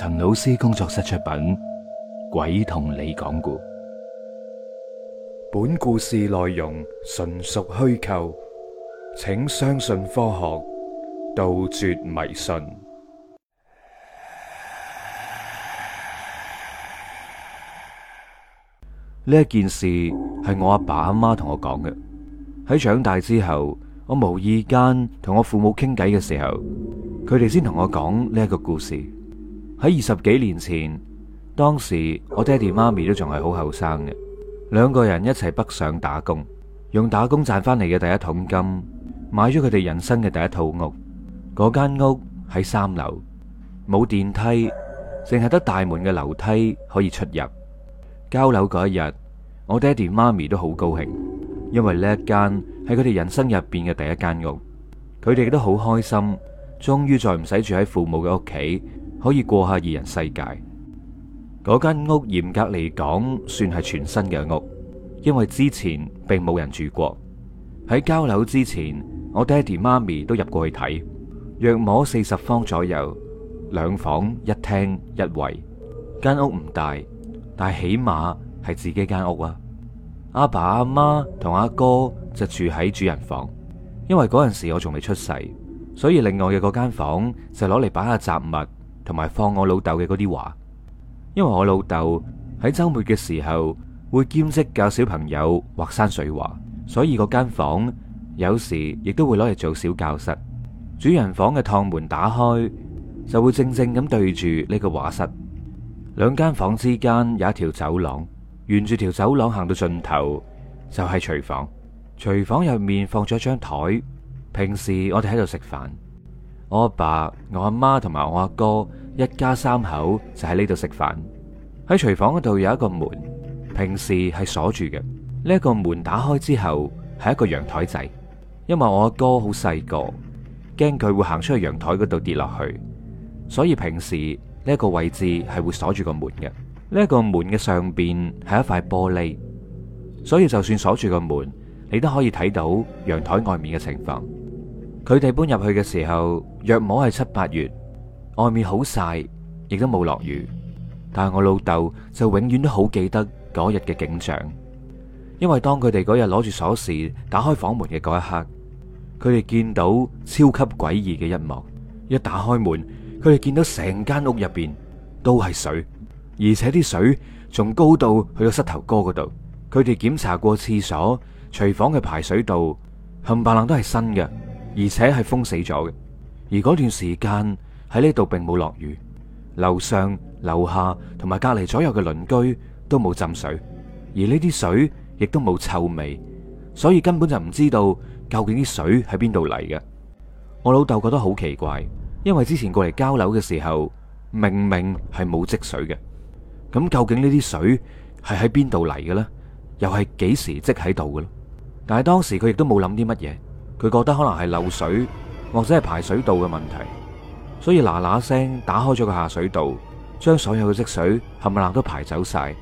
陳老師工作室出品《鬼同你講古》，本故事內容純屬虛構，請相信科學，杜絕迷信。呢一件事係我阿爸阿媽同我講嘅。喺長大之後，我無意間同我父母傾偈嘅時候，佢哋先同我講呢一個故事。喺二十幾年前，當時我爹地媽咪都仲係好後生嘅，兩個人一齊北上打工，用打工賺翻嚟嘅第一桶金買咗佢哋人生嘅第一套屋。嗰間屋喺三樓，冇電梯，淨係得大門嘅樓梯可以出入。交樓嗰一日，我爹地媽咪都好高興，因為呢一間係佢哋人生入邊嘅第一間屋，佢哋都好開心，終於再唔使住喺父母嘅屋企。可以過下二人世界。嗰間屋嚴格嚟講，算係全新嘅屋，因為之前並冇人住過。喺交樓之前，我爹哋媽咪都入過去睇，約摸四十方左右，兩房一廳一衛。間屋唔大，但係起碼係自己間屋啊。阿爸阿媽同阿哥就住喺主人房，因為嗰陣時我仲未出世，所以另外嘅嗰間房就攞嚟擺下雜物。同埋放我老豆嘅嗰啲畫，因為我老豆喺周末嘅時候會兼職教小朋友畫山水畫，所以嗰間房有時亦都會攞嚟做小教室。主人房嘅趟門打開，就會正正咁對住呢個畫室。兩間房之間有一條走廊，沿住條走廊行到盡頭就係廚房。廚房入面放咗張台，平時我哋喺度食飯。我阿爸、我阿媽同埋我阿哥，一家三口就喺呢度食飯，喺廚房嗰度有一個門，平時係鎖住嘅。呢、這、一個門打開之後係一個陽台仔，因為我阿哥好細個，驚佢會行出去陽台嗰度跌落去，所以平時呢一個位置係會鎖住個門嘅。呢一個門嘅、這個、上邊係一塊玻璃，所以就算鎖住個門，你都可以睇到陽台外面嘅情況。佢哋搬入去嘅時候，約摸係七八月。外面好曬，亦都冇落雨，但係我老豆就永遠都好記得嗰日嘅景象，因為當佢哋嗰日攞住鎖匙打開房門嘅嗰一刻，佢哋見到超級詭異嘅一幕。一打開門，佢哋見到成間屋入邊都係水，而且啲水仲高到去到膝頭哥嗰度。佢哋檢查過廁所、廚房嘅排水道，冚唪唥都係新嘅，而且係封死咗嘅。而嗰段時間，喺呢度並冇落雨，樓上樓下同埋隔籬左右嘅鄰居都冇浸水，而呢啲水亦都冇臭味，所以根本就唔知道究竟啲水喺邊度嚟嘅。我老豆覺得好奇怪，因為之前過嚟交樓嘅時候，明明係冇積水嘅。咁究竟呢啲水係喺邊度嚟嘅呢？又係幾時積喺度嘅呢？但係當時佢亦都冇諗啲乜嘢，佢覺得可能係漏水或者係排水道嘅問題。所以嗱嗱聲打開咗個下水道，將所有嘅積水冚唪唥都排走晒。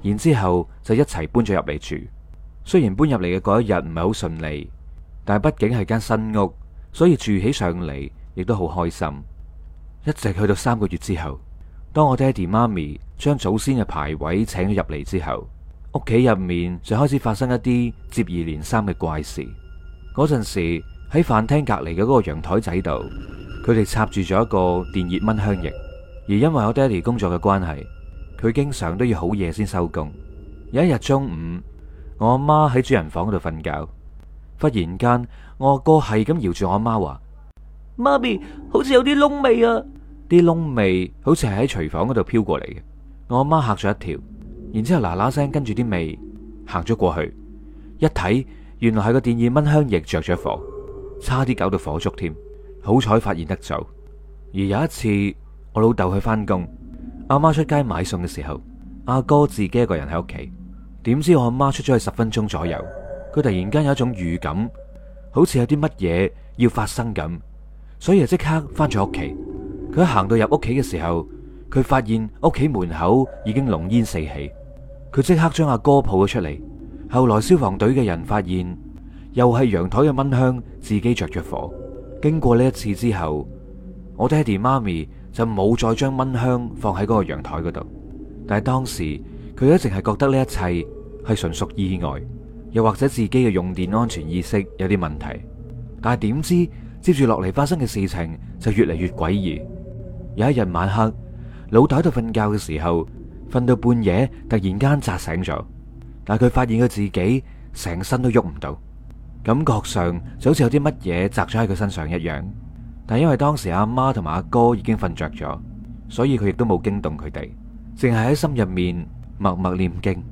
然之後就一齊搬咗入嚟住。雖然搬入嚟嘅嗰一日唔係好順利，但係畢竟係間新屋，所以住起上嚟亦都好開心。一直去到三個月之後，當我爹哋媽咪將祖先嘅牌位請咗入嚟之後，屋企入面就開始發生一啲接二連三嘅怪事。嗰陣時喺飯廳隔籬嘅嗰個陽台仔度。佢哋插住咗一個電熱蚊香液，而因為我爹哋工作嘅關係，佢經常都要好夜先收工。有一日中午，我阿媽喺主人房度瞓覺，忽然間我阿哥係咁搖住我阿媽話：媽咪，好似有啲燶味啊！啲燶味好似係喺廚房嗰度飄過嚟嘅。我阿媽嚇咗一跳，然之後嗱嗱聲跟住啲味行咗過去，一睇原來係個電熱蚊香液着咗火，差啲搞到火燭添。好彩發現得早。而有一次，我老豆去翻工，阿媽出街買餸嘅時候，阿哥自己一個人喺屋企。點知我阿媽出咗去十分鐘左右，佢突然間有一種預感，好似有啲乜嘢要發生咁，所以啊，即刻翻咗屋企。佢行到入屋企嘅時候，佢發現屋企門口已經濃煙四起。佢即刻將阿哥抱咗出嚟。後來消防隊嘅人發現，又係陽台嘅蚊香自己着着火。經過呢一次之後，我爹地媽咪就冇再將蚊香放喺嗰個陽台嗰度。但係當時佢一直係覺得呢一切係純屬意外，又或者自己嘅用電安全意識有啲問題。但係點知接住落嚟發生嘅事情就越嚟越詭異。有一日晚黑，老豆喺度瞓覺嘅時候，瞓到半夜突然間扎醒咗，但係佢發現佢自己成身都喐唔到。感覺上就好似有啲乜嘢砸咗喺佢身上一樣，但因為當時阿媽同埋阿哥已經瞓着咗，所以佢亦都冇驚動佢哋，淨係喺心入面默默念經。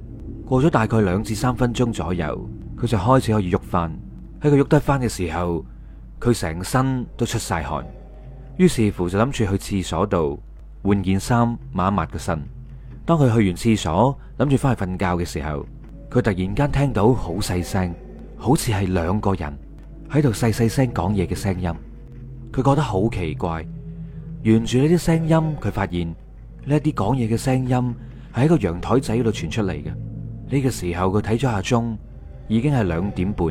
過咗大概兩至三分鐘左右，佢就開始可以喐翻。喺佢喐得翻嘅時候，佢成身都出晒汗，於是乎就諗住去廁所度換件衫抹一抹個身。當佢去完廁所諗住翻去瞓覺嘅時候，佢突然間聽到好細聲。好似係兩個人喺度細細聲講嘢嘅聲音，佢覺得好奇怪。沿住呢啲聲音，佢發現呢一啲講嘢嘅聲音係喺個陽臺仔度傳出嚟嘅。呢個時候佢睇咗下鐘，已經係兩點半。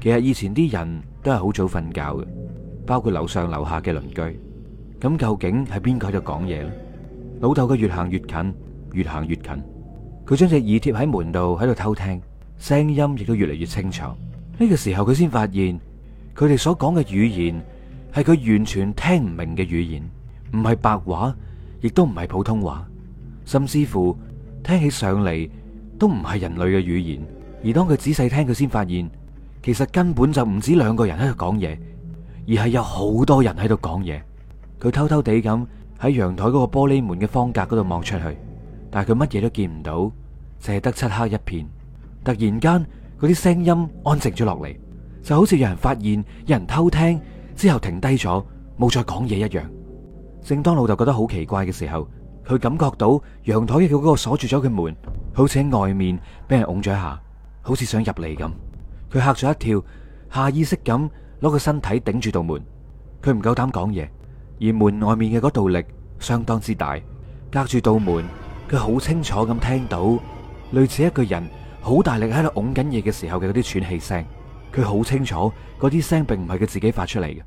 其實以前啲人都係好早瞓覺嘅，包括樓上樓下嘅鄰居。咁究竟係邊個喺度講嘢呢？老豆佢越行越近，越行越近。佢將隻耳貼喺門度，喺度偷聽。聲音亦都越嚟越清楚。呢個時候，佢先發現佢哋所講嘅語言係佢完全聽唔明嘅語言，唔係白話，亦都唔係普通話，甚至乎聽起上嚟都唔係人類嘅語言。而當佢仔細聽，佢先發現其實根本就唔止兩個人喺度講嘢，而係有好多人喺度講嘢。佢偷偷地咁喺陽台嗰個玻璃門嘅方格嗰度望出去，但係佢乜嘢都見唔到，淨係得漆黑一片。突然間嗰啲聲音安靜咗落嚟，就好似有人發現有人偷聽之後停低咗，冇再講嘢一樣。正當老豆覺得好奇怪嘅時候，佢感覺到陽台嘅嗰個鎖住咗嘅門，好似喺外面俾人拱咗一下，好似想入嚟咁。佢嚇咗一跳，下意識咁攞個身體頂住道門。佢唔夠膽講嘢，而門外面嘅嗰道力相當之大，隔住道門，佢好清楚咁聽到類似一個人。好大力喺度拱緊嘢嘅時候嘅嗰啲喘氣聲，佢好清楚嗰啲聲並唔係佢自己發出嚟嘅。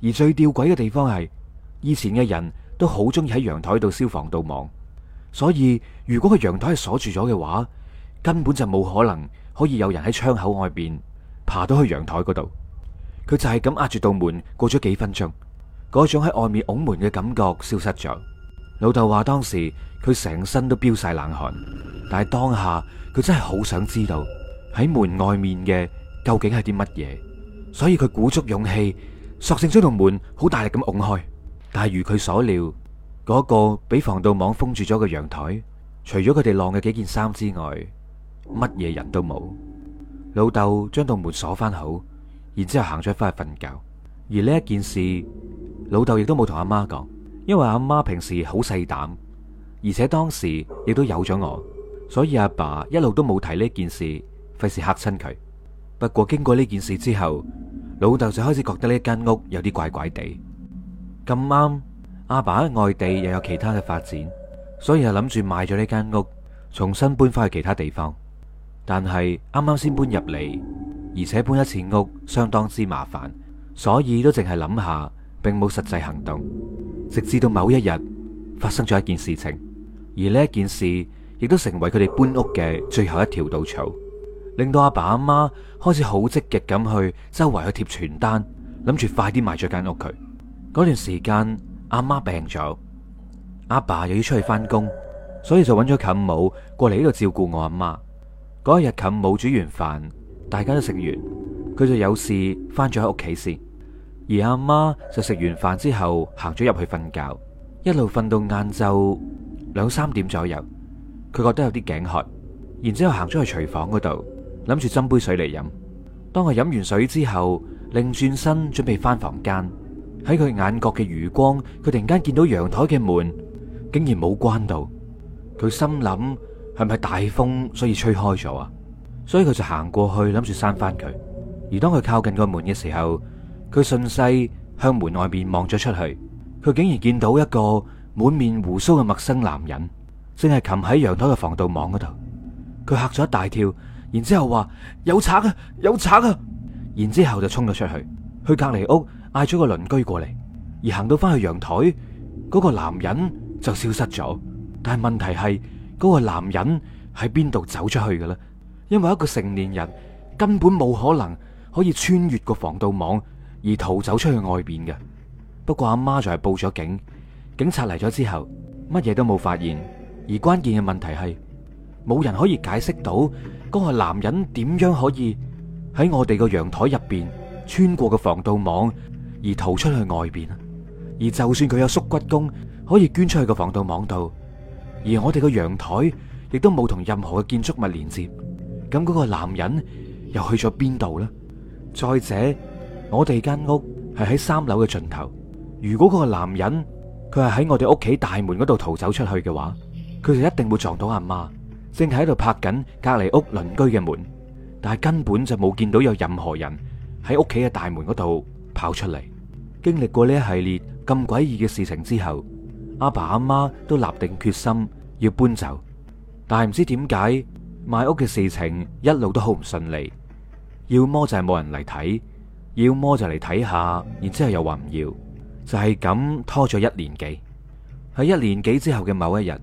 而最吊詭嘅地方係以前嘅人都好中意喺陽台度消防盜網，所以如果個陽台係鎖住咗嘅話，根本就冇可能可以有人喺窗口外邊爬到去陽台嗰度。佢就係咁壓住道門過咗幾分鐘，嗰種喺外面拱門嘅感覺消失咗。老豆話當時佢成身都飆晒冷汗，但係當下。佢真係好想知道喺門外面嘅究竟係啲乜嘢，所以佢鼓足勇氣，索性將道門好大力咁拱開。但係如佢所料，嗰個俾防盜網封住咗嘅陽台，除咗佢哋晾嘅幾件衫之外，乜嘢人都冇。老豆將道門鎖翻好，然之後行咗翻去瞓覺。而呢一件事，老豆亦都冇同阿媽講，因為阿媽平時好細膽，而且當時亦都有咗我。所以阿爸一路都冇提呢件事，費事吓親佢。不過經過呢件事之後，老豆就開始覺得呢間屋有啲怪怪地。咁啱阿爸喺外地又有其他嘅發展，所以就諗住賣咗呢間屋，重新搬翻去其他地方。但係啱啱先搬入嚟，而且搬一次屋相當之麻煩，所以都淨係諗下，並冇實際行動。直至到某一日發生咗一件事情，而呢件事。亦都成為佢哋搬屋嘅最後一條稻草，令到阿爸阿媽開始好積極咁去周圍去貼傳單，諗住快啲賣咗間屋佢。嗰段時間，阿媽病咗，阿爸又要出去翻工，所以就揾咗冚帽過嚟呢度照顧我阿媽。嗰日冚帽煮完飯，大家都食完，佢就有事翻咗喺屋企先，而阿媽就食完飯之後行咗入去瞓覺，一路瞓到晏晝兩三點左右。佢覺得有啲頸渴，然之後行咗去廚房嗰度，諗住斟杯水嚟飲。當佢飲完水之後，擰轉身準備翻房間，喺佢眼角嘅餘光，佢突然間見到陽台嘅門竟然冇關到。佢心諗係咪大風所以吹開咗啊？所以佢就行過去諗住閂翻佢。而當佢靠近個門嘅時候，佢順勢向門外面望咗出去，佢竟然見到一個滿面鬍鬚嘅陌生男人。正係擒喺陽台嘅防盜網嗰度，佢嚇咗一大跳，然之後話有賊啊，有賊啊，然之後就衝咗出去，去隔離屋嗌咗個鄰居過嚟，而行到翻去陽台，嗰個男人就消失咗。但係問題係，嗰個男人喺邊度走出去嘅咧？因為一個成年人根本冇可能可以穿越個防盜網而逃走出去外邊嘅。不過阿媽就係報咗警，警察嚟咗之後，乜嘢都冇發現。而關鍵嘅問題係，冇人可以解釋到嗰個男人點樣可以喺我哋個陽台入邊穿過個防盜網而逃出去外邊啊。而就算佢有縮骨功，可以捐出去個防盜網度，而我哋個陽台亦都冇同任何嘅建築物連接，咁嗰個男人又去咗邊度呢？再者，我哋間屋係喺三樓嘅盡頭。如果嗰個男人佢係喺我哋屋企大門嗰度逃走出去嘅話，佢哋一定會撞到阿媽，正喺度拍緊隔籬屋鄰居嘅門，但係根本就冇見到有任何人喺屋企嘅大門嗰度跑出嚟。經歷過呢一系列咁詭異嘅事情之後，阿爸阿媽都立定決心要搬走，但係唔知點解賣屋嘅事情一路都好唔順利，要麼就係冇人嚟睇，要麼就嚟睇下，然之後又話唔要，就係咁拖咗一年幾。喺一年幾之後嘅某一日。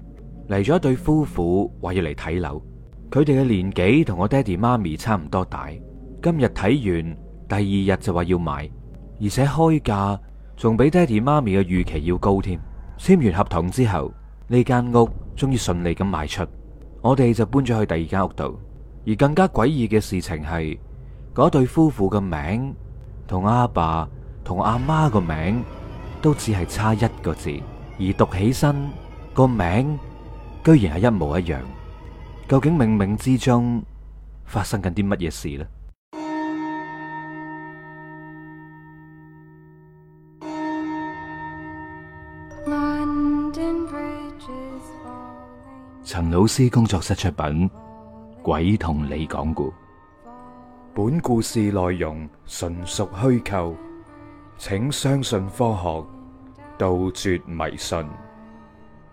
嚟咗一對夫婦話要嚟睇樓，佢哋嘅年紀同我爹地媽咪差唔多大。今日睇完，第二日就話要買，而且開價仲比爹地媽咪嘅預期要高添。簽完合同之後，呢間屋終於順利咁賣出，我哋就搬咗去第二間屋度。而更加詭異嘅事情係，嗰對夫婦嘅名同阿爸同阿媽嘅名都只係差一個字，而讀起身個名。居然係一模一樣，究竟冥冥之中發生緊啲乜嘢事呢？陳老師工作室出品《鬼同你講古》，本故事內容純屬虛構，請相信科學，杜絕迷信。